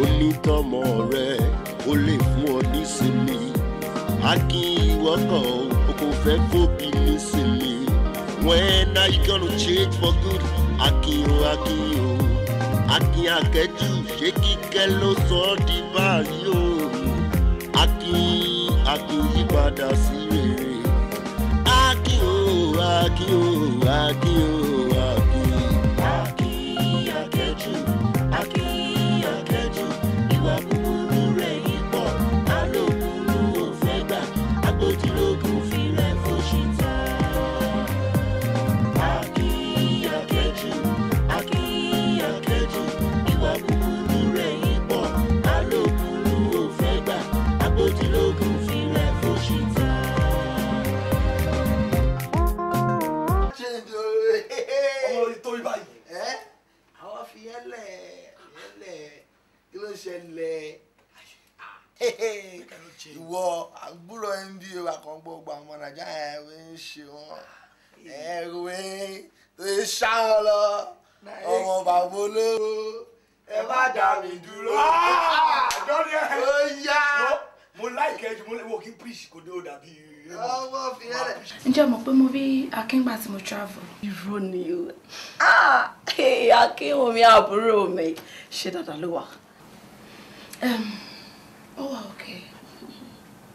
ó ní tọmọ rẹ ó lè fún ọ nísinmi a kì í wọ́kọ̀ o kò fẹ́ kóbi nísinmi when are you gonna change for good akiyo akiyo akin akẹ́jù ṣé kíkẹ́ ló sọ ọ́ di báyìí o akin akin yípadà sí rere akin o akin o akin o. wọn ẹrù ẹyin tó ṣe ṣáwọn lọ ọmọ bàbá olówó ẹ má dà mí dúró. àdọ́rí ah! ẹ̀ ó yá. mo láìkẹ́ ju mo lè wò kí preach kò dé eh, o dàbí ọmọ fìyẹ́rẹ́. ǹjẹ́ mo pé mo rí akíngbà tí mo travel. irọ́ ni o ah! akínwó mi àbúrò mi ṣe dáadáa ló wà. ó wà òkè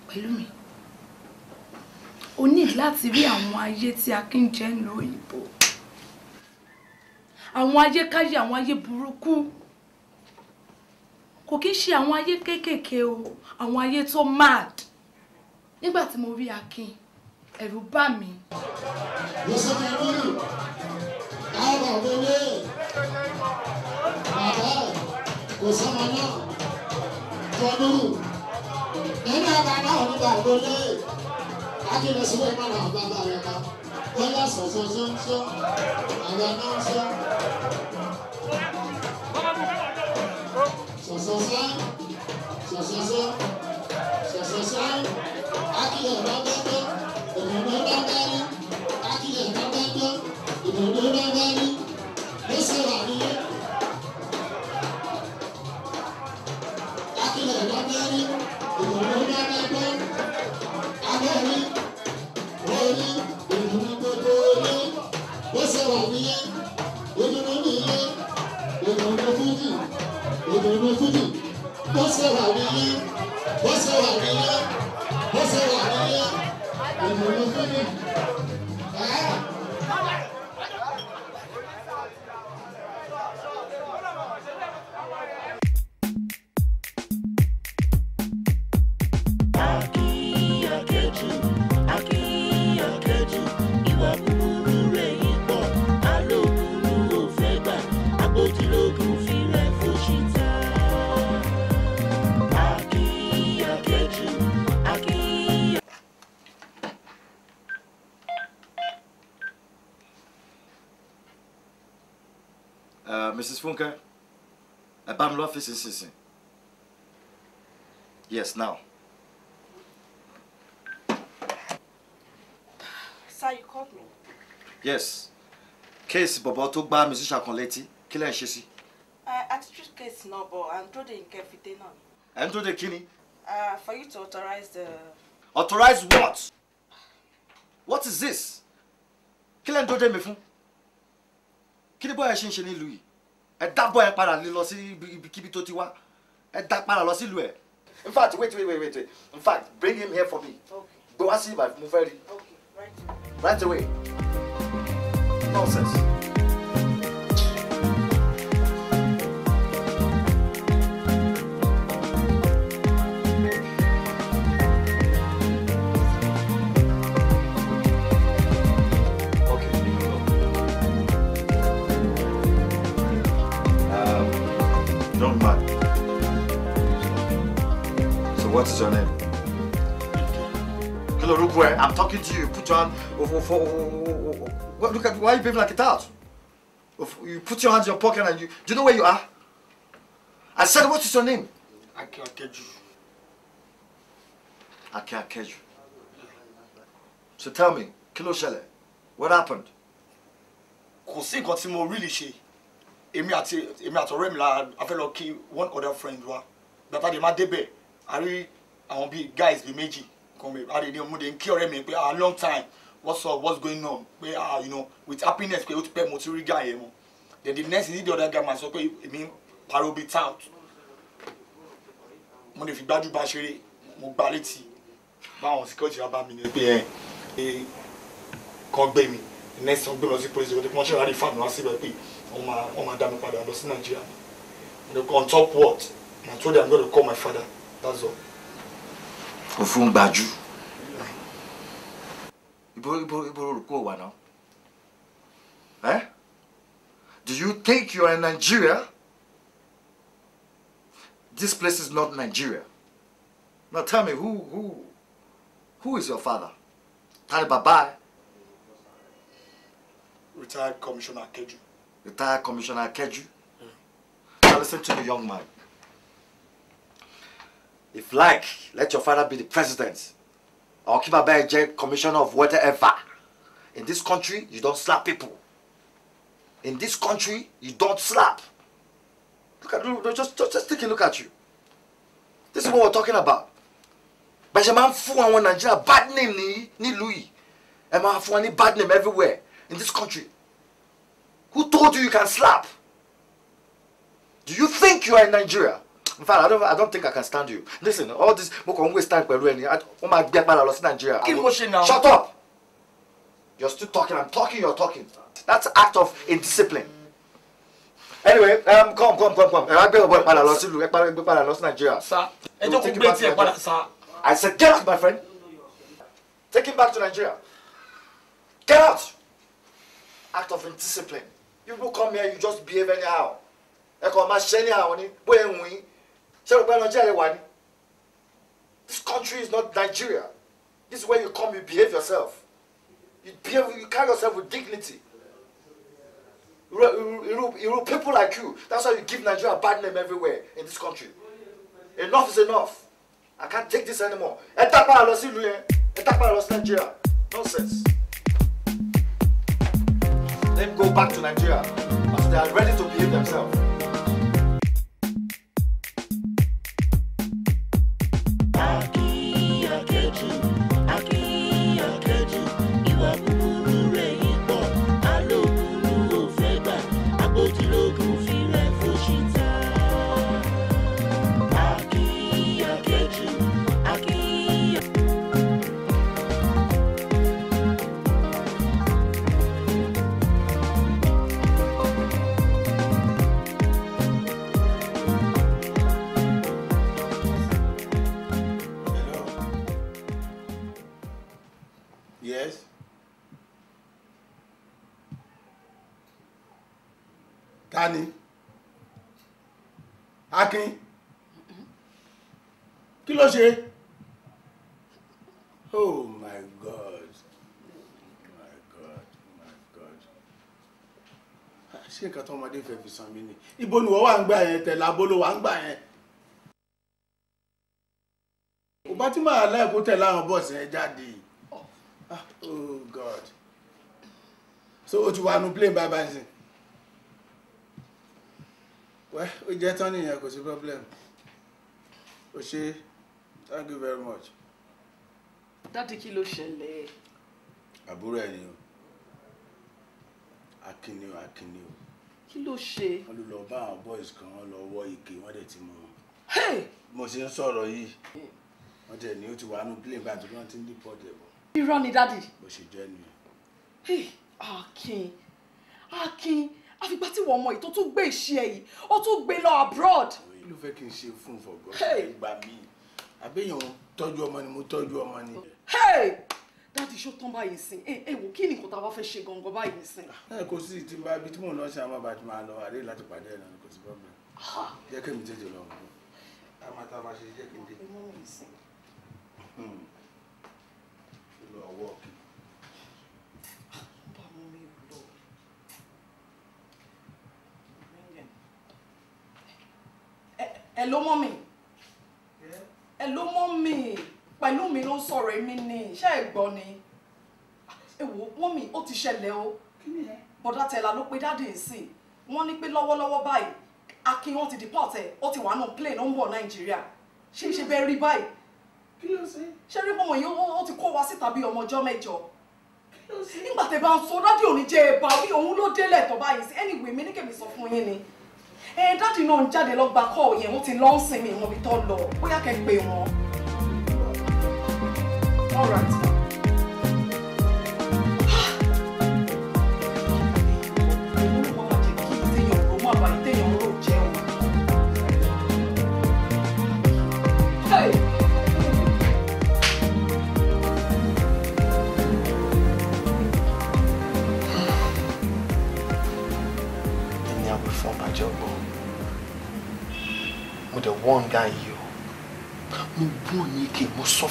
pẹ̀lú mi láti rí àwọn ayé tí Akin jẹ́ ń lo òyìnbó àwọn ayé káyé àwọn ayé burúkú kò kí ń ṣe àwọn ayé kéékèèké o àwọn ayé tó mad nígbà tí mo rí Akin ẹ̀rù bà mí. lọ́sọ̀rọ̀ ìlú àwọn òbẹ̀wé bàbá kò sọ́mọ náà tọ́lú nínú àbá náà nígbà gbọ́lé akílọ sí pé má làwọn bàbá rẹ ká wọn yà sọ̀sọ̀ sọ́sọ́ àwọn náà sọ. sọ̀sọ̀ sọ́ sọ̀sọ̀ sọ́ sọ̀sọ̀ sọ́. Fúnkẹ́ ẹ bá mi lọ ọ́fíìsì sísìn yes now. Sir, you called me. Yes. Case bọ̀bọ̀ tó gbá musician kan létí, kí lẹ́ ń ṣe sí? Àti treat case náà bọ̀, à ń tó de nǹkan fìdé náà. Ẹ̀ de kí uh, For you to authorize the. Authorize what? What is this? Kí lẹ́ ń tó de mi fún? Kí ni bóyá ṣe ń ṣe nílùú yìí? ẹ dábọ̀ ẹ padà lè lọ sí ibikíbi tó ti wá ẹ dá padà lọ sílùú ẹ. in fact wait wait wait wait in fact bring him here for me gbé wá sí ibà mo fẹ́ rí right away nonsense. What is your name? Hello, Rukwe. I'm talking to you. Put your hand over. over, over, Look at why are you behaving like a child? You put your hands in your pocket and you. Do you know where you are? I said, what is your name? Ake Akeju. Ake Akeju. So tell me, kí ló what happened? Kò sí nǹkan tí mo really ṣe. Èmi àti èmi àtọ̀rẹ́ mi la a fẹ́ lọ kí one other friend wa. Bàtà dè má débẹ̀ a rí àwọn bíi guys bíi méjì kan bẹ a lè ní ọmọdé ń kí ọ̀rẹ́ mi pé a ah, long time what's up what's going on pé ah you know with happiness pé ó ti pẹ́ mo ti rí guy yẹn mo then the next thing the other guy ma sọ pé èmi paro bíi tout mo lè fi gbájú bá ṣeré mo gbá létí báwọn security wa bá mi ní pé ẹ eh, kan gbé mi next time gbé lọ sí police ìwé wọn ṣe rárí fáàmù wá síbẹ̀ pé wọ́n máa dá mi padà lọ sí nàìjíríà on top what na told them i'm gonna call my father That's all. Òfun gbàjú. Ibo Eh? Do you think you are in Nigeria? This place is not Nigeria. Now tell me who who who is your father? Tani Baba. Retired Commissioner Keju. Retired Commissioner Keju? Hmm. Now listen to the young man. If like, let your father be the president or keep a bad commissioner of whatever. In this country, you don't slap people. In this country, you don't slap. Look at just just, just take a look at you. This is what we're talking about. Bàṣẹ máa ń fún àwọn Nàìjíríà bad name ni ni Louis. Ẹ máa fún bad name everywhere in this country. Who told you you can slap? Do you think you are in Nigeria? in fact i don't i don't think i can stand you listen all this mo kàn ń waste time pẹ̀lú ẹni wọ́n máa gbé agbára lọ sí nàìjíríà. kí ni mo ṣe náà. shut up you're still talking i'm talking you're talking that's act of indiscipline. anyway um, come come come come ẹ wá gbé ọ̀bọ ìpadà lọ sílùú ẹ gbé padà lọ sí nàìjíríà. sa ẹ jẹ́ kó gbé tiẹ̀ padà sa. i said get out my friend take him back to nigeria get out act of indiscipline People come here you just behave anyhow ẹ kàn máa ṣe anyhow ni bóyá ń win ṣé o gbẹ́ this country is not nigeria this is where you come you behave yourself you behave you carry yourself with dignity You, irú irú people like you that's why you give nigeria a bad name everywhere in this country enough is enough i can't take this anymore ẹ dápá lọ sí ìlú nigeria nonsense then go back to nigeria as they are ready to behave themselves. ni akin kí ló ṣe oh my god my god my god ṣé nǹkan tó ọmọdé fẹ́ fi san mí ni ibo ni wọ́n wà ń gbà yẹn tẹ̀lé abolo wà ń gbà yẹn kò bá tí màá láìpẹ́ tẹ̀lé àwọn bọ́ọ̀sì yẹn jáde ah, oh god so o ti wà nù plane bye bye sin wẹ́ ó jẹ́ tán nìyẹn kò sí problem Oshé, thank you very much. dádì kí ló ṣẹlẹ̀. àbúrò ẹ̀ ni o akínni o akínni o. kí ló ṣe. wọ́n ló lọ boys kan wọ́n lọ wọ ike wọ́n dẹ̀ ti mú Hey. mo ṣe ń sọ̀rọ̀ yìí wọ́n tẹ̀ ní ó ti wà nù plane báyìí tó wọ́n ti ń dìpọ̀ dẹ̀ bọ̀. irọ́ ni dádì. bó ṣe jẹ́ nìyẹn. akin akin àfìgbà tí wọ́n mọ èyí tó tún gbé iṣẹ́ yìí ó tún gbé lọ abroad. kí ló fẹ́ kí n ṣe fún fọ̀gọ́ ìgbà mi àbẹ́yàn tọ́jú ọmọ ni mo tọ́jú ọmọ ni. dáàdi ṣó tán báyìí sìn ẹ ẹ wò kí ni nǹkan tá a wá fẹ́ ṣe gangan báyìí sìn. ẹ kò sí ti bá ibi tí mò ń lọ ṣe àwọn bàbá tí máa lọ àdé láti pàdé ẹ̀ náà kò sí bọ́ọ̀bù jẹ́ kí mi tètè lọ. àmọ́ tá a máa ṣe jẹ́ kí n dé. Hmm. ẹ ló mọ́ mi ẹ ló mọ́ mi pẹ̀lú mi ló ń sọ̀rọ̀ èmi ni ṣé ẹ gbọ́ ni ẹ wò mọ́ mi ó ti ṣẹlẹ̀ o bọ̀dá tẹ̀lá ló pe dáàdì ìsìn wọ́n ní pé lọ́wọ́lọ́wọ́ báyìí akin wọn ti deport ẹ ó ti wà nù plane ó ń bọ̀ nàìjíríà ṣé ṣe bẹ́ẹ̀ rí báyìí kí ló ṣe ṣé rí bọ́mọ yìí ó ti kó wa síta bí ọmọ ọjọ́ mẹ́jọ nígbà tẹ bá ń sọ rádìò ní jẹ́ ẹ bá wí òun ló délẹ̀ tó báyìí sí anyway mi ní kèmí sọ fún yín ni. Eh, dáàdì náà ń jáde lọ́gbà kọ́ yẹn wọ́n ti lọ́ ń sinmi ìwọ̀n ibi tó lọ bóyá kẹ́ pé wọn. all right.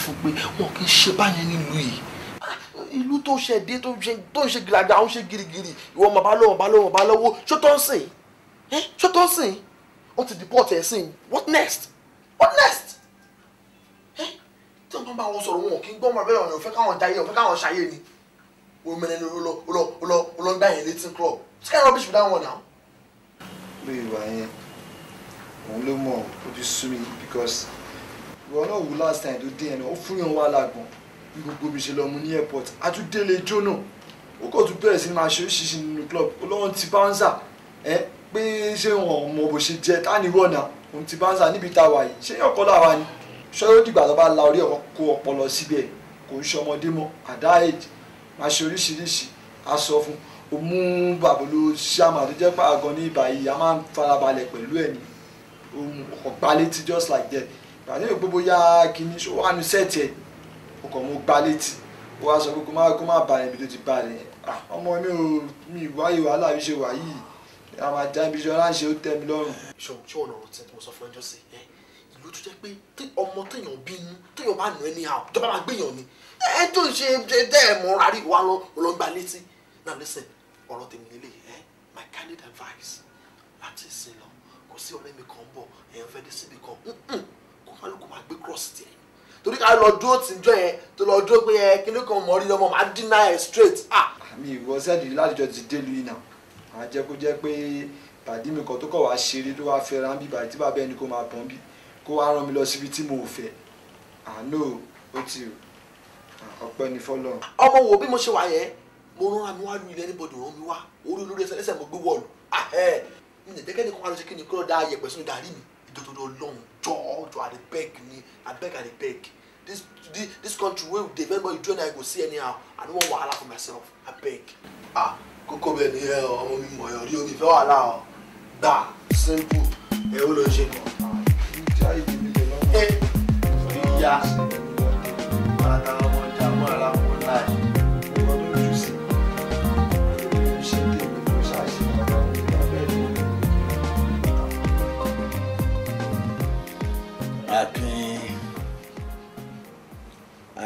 fún pé wọn kì í ṣe báyẹn nílùú yìí ìlú tó ṣe dé tó ń ṣe gìràgà ó ń ṣe gìrìgìrì ìwọ ọmọ balówó balówó balówó ṣó tó ń sìn ẹ ṣó tó ń sìn wọn ti deport ẹ sìn what next what next ẹ tí wọn bá wọn sọ̀rọ̀ wọn kì í gbọ́ ọmọ abẹ́rẹ́ ọ̀nà òfẹ́ káwọn jayé òfẹ́ káwọn ṣayé ni omena ni olọ olọ olọ olọ ń gbá yẹn létí club it's kind of rubbish with that one now. lóye ìwà yẹn òun ló mọ ojú sú mi because ìwọ náà wù last time tó dé ẹnu ó fún yàn wà lágbọn bí gbogbo mi ṣe lọ mu ní airport àtúndélé jóná ó kò tún bẹ̀rẹ̀ sí máa ṣe oríṣiríṣi nínú club olóhùn ti bouncer ẹ pé ṣé wọn ò mọ bó ṣe jẹ tá ní wọ̀nà òun ti bouncer níbi tá a wà yìí ṣé ọkọ làwa ni ṣọ́yọ́ dìgbà tó bá la orí ọkọ kó ọpọlọ síbẹ̀ kò ń ṣọmọdé mọ́ àdá èjì máa ṣe oríṣiríṣi aṣọ fún o mú bàbóló ṣàmà tó jẹ́ pàgọ́ ní ìbàyí a máa ń farabalẹ̀ pẹ̀lú ẹ̀ ní ọkọ̀ gbalẹ̀ ti just like that ìgbàdé yóò gbogbo ya kìíní ṣó wà ní sẹ́ẹ̀tì ẹ̀ ọkọ̀ mo gbá létí ó wá sọ pé kó má kó má ba ibi tó ti ba ah, ọmọ mi ò mi ìwáyé wàhálà mi ṣe wà àwọn àjà ibi tí ọlá ó tẹ́ mi lọ́rùn. ṣòwò ṣé ọ̀nà ọ̀rọ̀ tí mo sọ fún ẹjọ́ sí ẹ ìlú tó jẹ́ pé ọmọ téèyàn bí inú téèyàn bá nù ẹ́ ní àwọn máa gbéyàn ni ẹ tó ń ṣe dẹ́ ẹ̀ mọ́ rárí wa lọ ọlọ́gbà létí now listen ọ̀rọ̀ tèmi lélẹ̀ ẹ my candid advice láti sin lọ kò sí ọ̀rẹ́ mi kan bọ̀ èèyàn fẹ́ dé síbi kan kálukú máa gbé cross tiẹ̀ torí ká lọ dúró tìjọ yẹn tó lọ dúró pé ẹ eh, kíní kan mọ̀ rí lọ́mọ máa dín náà ẹ̀ straight. àmì ah! ìwọ sẹ́ẹ̀dì ládìjọ ti dé lùyìn náà àá jẹ́ kó jẹ́ pé pàdé mi kan tó kọ̀ wá ṣeré tó wá fẹ́ rán bí bàbá tí bàbá ẹni kó máa pọ́n bí kó wá rán mi lọ síbi tí mo fẹ́ àánú ó ti ọpẹ́ ní fọlọ́run. ọmọ wo bí mo ṣe wà yẹn mo rán àmì wá lu ilẹ̀ níbodè rán mi wá orí olórí ẹsẹ̀ lẹ́sẹ̀ mo gbé wọ̀lù. ǹjẹ́ ah, eh! jẹ́kẹ́ nìkan wá lọ sí kí ni kúrò dá ayẹ̀pẹ̀ sínú dàrí mi ìdòdòdò ọlọ́run jọ̀ọ́ jọ̀ọ́ i dey beg ni abeg i dey beg this this this country wey we dey very well you do anyhow you go see anyhow i no wan wahala for myself I beg. ah kókó bẹ́ẹ̀ ni ẹ eh, ọmọ mi mọ̀ ẹ̀rí omi ìfẹ́ wàhálà ọ gbà simple ẹ̀ ó lọ ṣe ah, mọ̀ ẹ̀ eh, ìyá.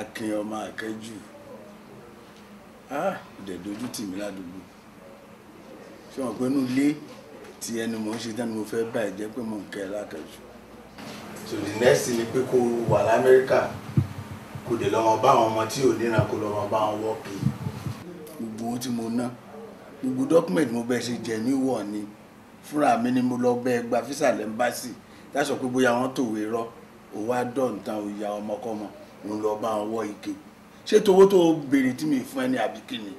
akin ọmọ akẹ́jù ìdẹ̀ ah, dojú tì mí ládùúgbò ṣé wọn pé inú ilé tí ẹnu mò ń ṣe tán ni mo fẹ́ báyìí jẹ́ pé mò ń kẹ́ ẹ lákẹ́jù. so the next thing ni pé kó wà lamẹ́ríkà kò dé lọ́mọ bá àwọn ọmọ tí ò níran kó lọ́mọ bá wọ́ọ̀kì. gbogbo ohun tí mo ná gbogbo dọ́kúmẹ̀tì mo bẹ́ẹ̀ ṣe jẹ ní wọ̀ ni fúnra mi ni mo lọ bẹ gba físà lẹ́ńbásì táṣọ pé bóyá wọ́n tòwé rọ òwò àdọ́ǹtàn òyà ọmọkọ́mọ ń lọ bá ń wọ ike ṣé towó tó béèrè tí mi fún ẹ ní àbí kíni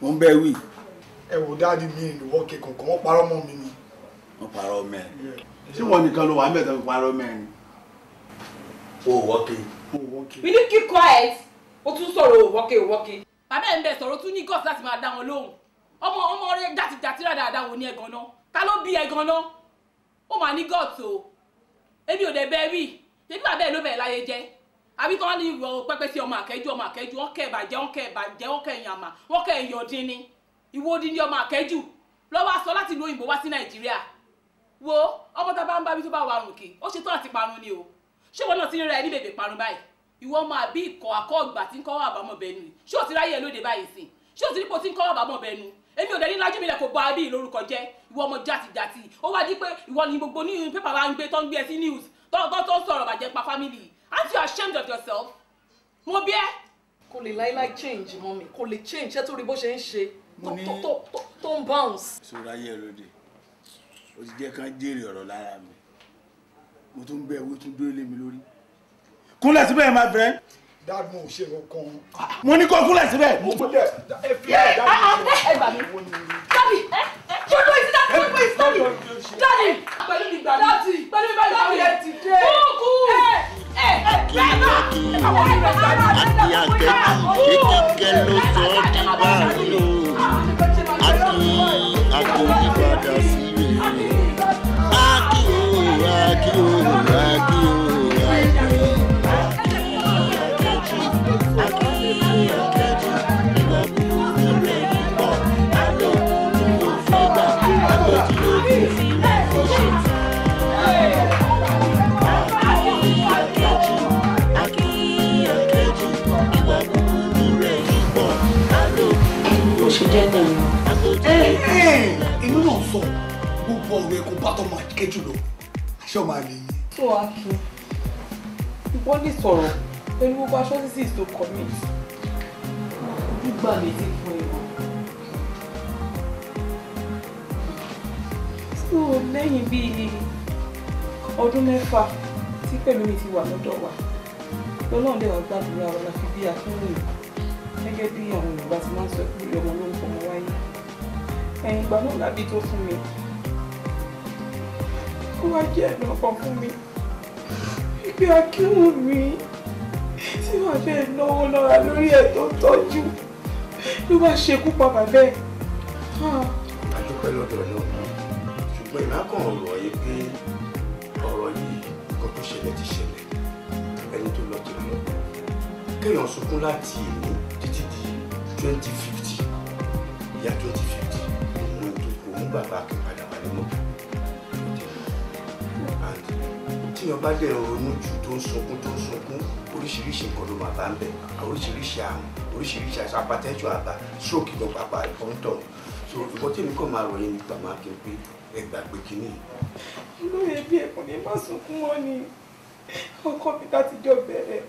mo ń bẹ wí. ẹ wò dáàdi mi ìlúwọ́ kẹkọ̀ọ́ kan wọ́n parọ́ mọ́ mi ni. wọ́n parọ́ mẹ́rin ṣé wọ́n nìkan ló wà ń bẹ̀ tó fi parọ́ mẹ́rin. o ò o ò wọ́kẹ́. will you keep quiet o tún sọ̀rọ̀ o wọ́kẹ́ o wọ́kẹ́. bàbá ẹ̀ ń bẹ̀ sọ̀rọ̀ tún ní gọ́ọ̀sì láti máa dá wọn lóhùn ọmọ ọmọ rẹ jàtìjàtì ràdàdà wò ní ẹ̀gàn náà ta ló bí ẹ̀gàn náà ó máa ní gọ́ọ̀sì o èmi ò dẹ̀ bẹ́ẹ̀ rí tẹbí bàbá ẹ ló bẹ̀rẹ̀ láyé jẹ́ àbí tí wọ́n ní ìwọ pẹ́pẹ́ sí ọmọ àkẹ́jù ọmọ àkẹ́jù wọ́n kẹ́ ẹ̀ bàjẹ́ wọ́n kẹ́ ẹ̀ bàjẹ́ wọ́n kẹ́ ẹ̀ yàmà wọ́n kẹ́ ẹ̀ yọ̀dín ni ìwọ odi ni ọmọ àkẹ́jù lọ́wọ́ aṣọ láti lo òyìnbó wá sí nàìjíríà wo ọmọ tá a bá ń bá bí tó bá wà rùn kì ó ṣe tán àti parun ni o ṣé wọn náà ti rẹ ní bèbè parun báyìí ìwọ ọmọ àbí ikọ̀ akọ́ ọgbà tí ń kọ́ àbámọ̀ bẹ́ẹ̀ ni ṣé ò ti ráyè lóde báyìí sìn ṣé ò ti rí po tí ń kọ́ àbámọ̀ bẹ́ẹ̀ nu èmi ò dẹ̀ ní lájú mi lẹ̀ kó bọ abí lórúkọ jẹ́ ìwọ ọmọ jàtìjàtì ó wá di pé ìwọ ni gbogbo ní pépà wa ń gbé tó ń gbé ẹ sí news Don't tọ́gbọ́n tó sọ̀rọ̀ bàjẹ́ pa family aren't you ashamed of yourself? mo bí ẹ. kò lè láíláí change mọ́ mi kò lè change ṣé torí bó ṣe ń ṣe tó ń bounce. sora yẹ lóde o ti jẹ́ kán jèrè ọ̀rọ̀ lára mi mo tún bẹ ewé tún dúró lé mi lórí kúnlẹ̀ síbẹ̀ my friend. dad mo ò ṣe kankan. mo ní kó kúnlẹ̀ síbẹ̀. mo kúnlẹ̀ ẹ fi ẹ dá mi. ẹ gbà mí. daddy you know it's not good for you daddy. daddy. jẹ́ tèmi. inú náà sọ gbogbo ọ̀rọ̀ ẹ̀kọ́ bá tọmọ àjíkẹ́ jùlọ aṣọ máa lè yí. tó a kí wọ́n lè sọ̀rọ̀ pẹ̀lú gbogbo aṣọ sísè tó kọ́ mi gbígbà létí fún ìwọ̀n. tó lẹ́yìn bíi ọdún mẹ́fà tí Pẹ̀lúmi ti wà lọ́dọ̀ wa lọ́nà lè wá gbàdúrà wa la fi bí akínròyìn gẹ́gẹ́ bí àwọn Yorùbá ti máa ń sọ pé ọmọ ló ẹ̀yìn ìgbà náà lábí tó fún mi ó wá jẹ́ ẹ̀nà ọkàn fún mi ìgbé akíwọ̀n mi tí wàá fẹ́ náwó náírà lórí ẹ̀ tó tọ́jú ló bá ṣekú pa bàbá ẹ̀. adúpẹ́ ah. lọ́dọ̀ náà ṣùgbọ́n ìbákan ọ̀rọ̀ yìí pé ọ̀rọ̀ yìí nǹkan tó ṣẹlẹ̀ ti ṣẹlẹ̀ ẹni tó lọ tẹ̀lé lọ kéèyàn sunkún láti èmi títí di twenty fifty ìyá twenty fifty gbàgbà kí padà wálé mọ́ tíyan bá dẹ̀ ronú jù tó ń sunkún tó ń sunkún oríṣiríṣi nǹkan ló máa bá ń bẹ̀ oríṣiríṣi àrùn oríṣiríṣi àṣà apátẹ́jọ àbá stroke lọ pàpà ìfọ́ńtọ̀ so ìwọ tèmi kàn máa ròyìn nípa máa kí pé ẹ gbàgbé kínní. inú rẹ bí ẹkùn ní má sunkún wọn ni ọkọ mi láti jọ bẹ̀rẹ̀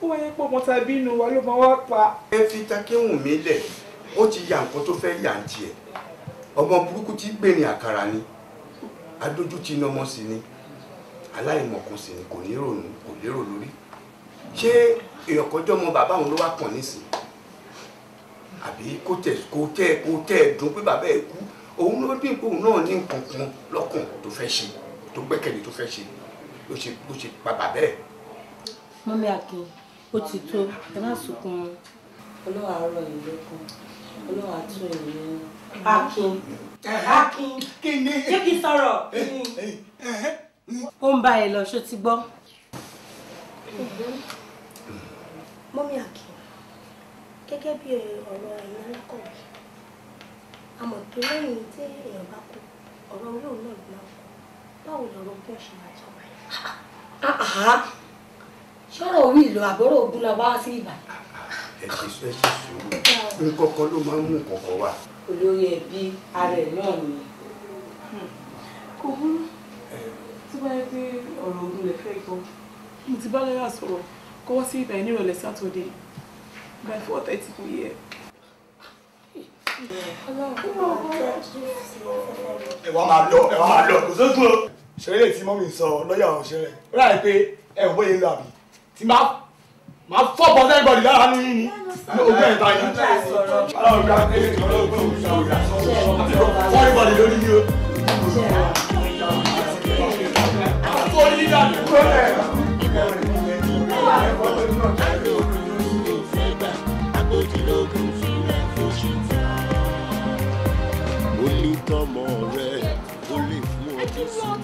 ó wáyé pé ọmọ tàbí inú wa ló máa wá pa. ẹ fi takẹ́wùn mi lẹ̀ ó ti ya nǹkan tó fẹ́ yà ń tiẹ̀ ọmọ burúkú tí gbè ní àkàrà ni adójútì ní ọmọ sí ni aláìmọ̀kan sì ni kò ní rònú kò lérò lórí ṣé èèyàn kọjọ́ ọmọ bàbá òun ló wá kàn nísìn àbí kó tẹ̀ kó tẹ̀ kó tẹ̀ dùn pé bàbá ẹ̀ kú òun ló dín pé òun náà ní nǹkan lọ́kàn tó fẹ́ ṣe tó gbẹ́kẹ̀lé tó fẹ́ ṣe ló ṣe ló ṣe pa bàbá ẹ̀. mọ́mí akin ó ti tó ẹ má sunkún ọlọ́wà ọ̀rọ̀ ìlú kan ọlọ́wà tún Akin. Akin. Kíni. Ṣé kí n sọ̀rọ̀? Eh, eh, eh, Ó ń bá ẹ lọ, ṣó ti gbọ́. Mọ́mí Akin, gẹ́gẹ́ bí ọ̀rọ̀ ẹ̀yin alákọ̀wé, àmọ̀ tó lẹ́yìn tí èèyàn bá kú, ọ̀rọ̀ orí òun náà gbọ́n kú. Báwo lọ̀rọ̀ bí ọ̀ṣẹ̀ máa jọ wáyé? Ṣọ́rọ̀ orí ìlú àbọ̀rọ̀ ògùn la wá sí ìbàdàn. Ẹ ṣe sùúrù. Nkọ́kọ́ ló máa ń mú kọ̀ọ̀kan wá olórí ẹbí ara ẹ̀ náà ni. Hmm. kò burú tí wọ́n yẹ pé ọ̀rọ̀ ogun lè fẹ́ gbọ́ mo ti bá lọ́yà sọ̀rọ̀ kó wá sí ibà nírọ̀lẹ́ sátọ̀dẹ̀ by four thirty kò yẹ. ẹ wá máa lọ ẹ wá máa lọ kò sóògùn o. ṣeré lè ti mọ́mí sọ lọ́yà òṣèré ó ráyè pé ẹ̀ ń bóyá ń lọ àbí tí máa máa fọ́ bọ́ sẹ́yìn bọ́ọ̀lì lára ní yín ní ogún ẹ̀ta yín. aláwọ̀ gba fọ́ọ̀lì bọ́ọ̀lì lórí yìí o. àtúntò yín dàbí kúrò olùtọ́mọ rẹ kí ni ọtí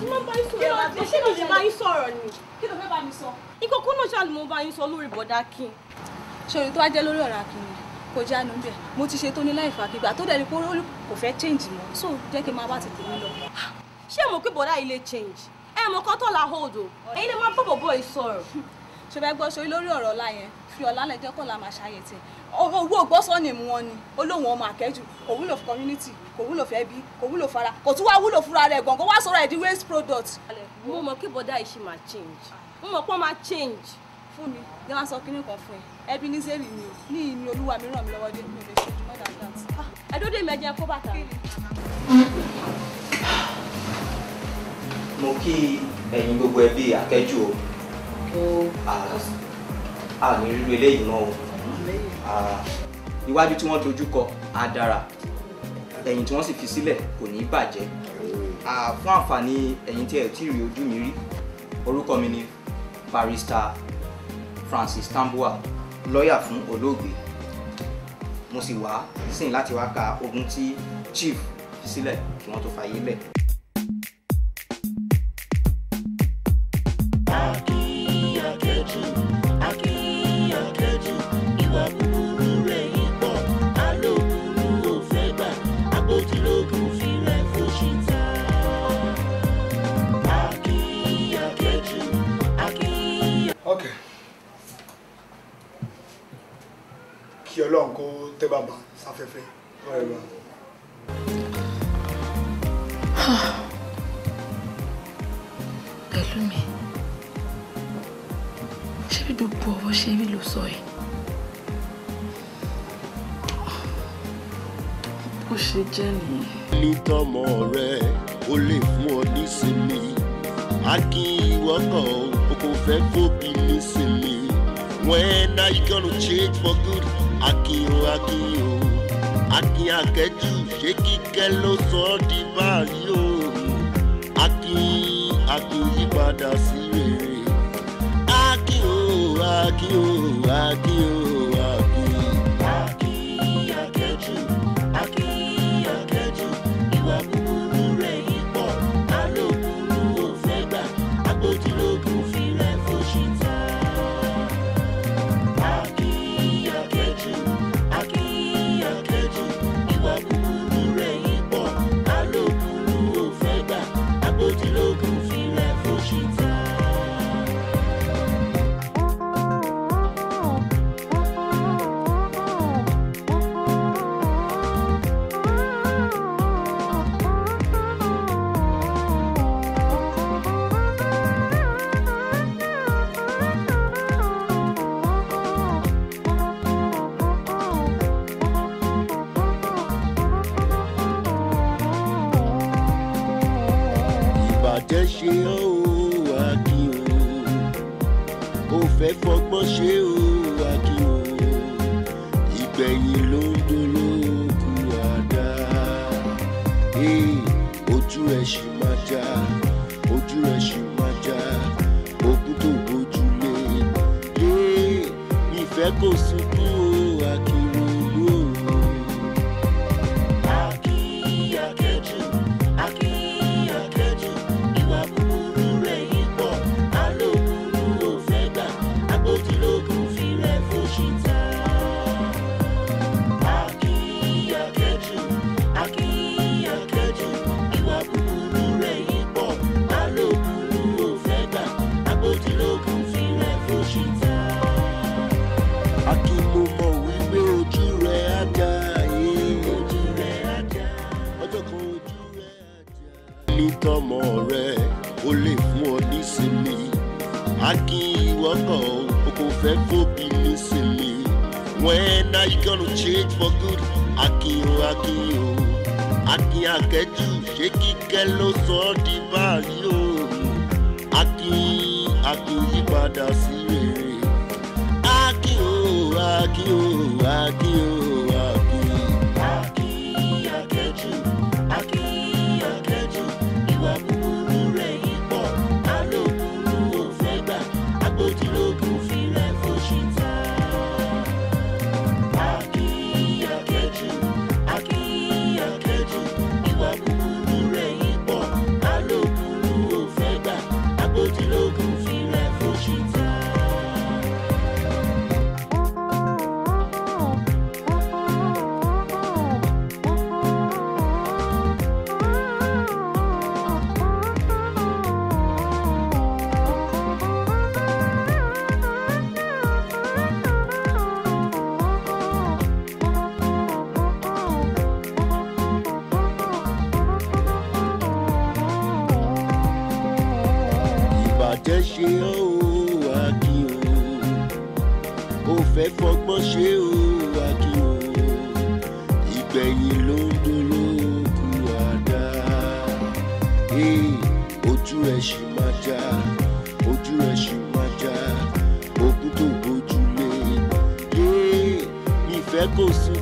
máa ń bá yín sọ̀rọ̀ láti ṣé ló lè bá yín sọ̀rọ̀ ni. kí ló fẹ́ bá mi sọ. ìkókó náà ṣáà ló mọ bá yín sọ lórí bọ̀dá kin. ṣòro tó wá jẹ́ lórí ọ̀rọ̀ akin ni kò jánu bẹ́ẹ̀ mo ti ṣe tó ní láì fàkìgbà tó dẹ̀ ní pé kò fẹ́ change mọ́ so jẹ́ kí n máa bá ti tèmi lọ. ṣé mo pé bọ̀dá ilé change ẹ mọ kọ́ tọ́la hold o ẹ̀yin lè máa bọ̀bọ̀ bọ̀ ì sọ̀rọ̀ ṣùgbọ́n ẹ gbọ́ sórí lórí ọ̀rọ̀ ọ̀la yẹn fi ọ̀la lẹ́jọ́ kọ́ la máa ṣàyẹ̀tẹ̀ ọ̀rọ̀ owó ògbọ́sọ ni mu wọn ni olóhùn ọmọ àkẹ́jù kò wúlò fún community kò wúlò fún ẹbí kò wúlò fara kò tún wá wúlò fúnra rẹ̀ gbọ̀ngàn wá sọ̀rọ̀ ẹ̀ di waste product. mo mọ kí bọ́dá yìí ṣì máa change mo mọ pé ó máa change. fún mi ní wọn sọ kínní kan fún ẹ ẹbí ní sẹ́rì ni o ní ìní olúwa mi ràn mí lọ́wọ́ dé mi ò lè ṣe jù mọ́dà dat. Ah, ẹdódé mi ẹjẹ kó bàtà. mo kí ẹ̀yin gbogbo ẹbí àkẹ́jù o àní ah, rírú eléyìí náà Ah, iwájú tí wọ́n dojú kọ á dára ẹ̀yìn tí wọ́n sì fi sílẹ̀ kò ní bàjẹ́ fún àǹfààní ẹ̀yin tí ẹ ti rí ojú mi rí orúkọ mi ni barrister Francis Tambua, lọ́ọ̀yà fún olóògbé mo sì wá sìn láti wá ka ogún tí chief fi sílẹ̀ kí wọ́n tó fàyè lẹ̀. kí ọlọ́run kó tẹ́ bàbá sáfẹ́fẹ́ ọ̀rẹ́ pẹ̀lú mi ṣé bí gbogbo ọwọ́ ṣe rí ló sọ yìí bó ṣe jẹ́ nìyẹn. nítọ́mọ rẹ ó lè fún ọ nísinmi a kì o kò fẹ́ fòbí nísinmi when are gonna change for good. Akio, Akio, akínyó akẹ́jù ṣé kíkẹ́ ló sọ ọ́ di báyìí o akínyó akínyó yípadà sí rere akínyó akínyó akínyó. àtẹ̀ṣe ó àkì ó ó fẹ́ fọgbọ́n ṣe ó àkì ó ìgbẹ̀yìn ló ń dolóògù àdá ojú ẹ̀ ṣì máa já ojú ẹ̀ ṣì máa já ogún tó bójú lé ìfẹ́ kò sùn. sọmọ rẹ ó lè fún ọ nísinmi a kì í wọ́kọ̀ o kò fẹ́ fòbí nísinmi when are you gonna change for good akínyó akínyó akínyó akẹ́jù ṣé kíkẹ́ ló sọ ọ́ di báyìí o akínyó akínyó yípadà sí rere akínyó akínyó akínyó. ìlógúnlógún àdá ojú ẹ̀ ṣì máa já ojú ẹ̀ ṣì máa já ogún tó bójú lé ìfẹ́ kò sùn.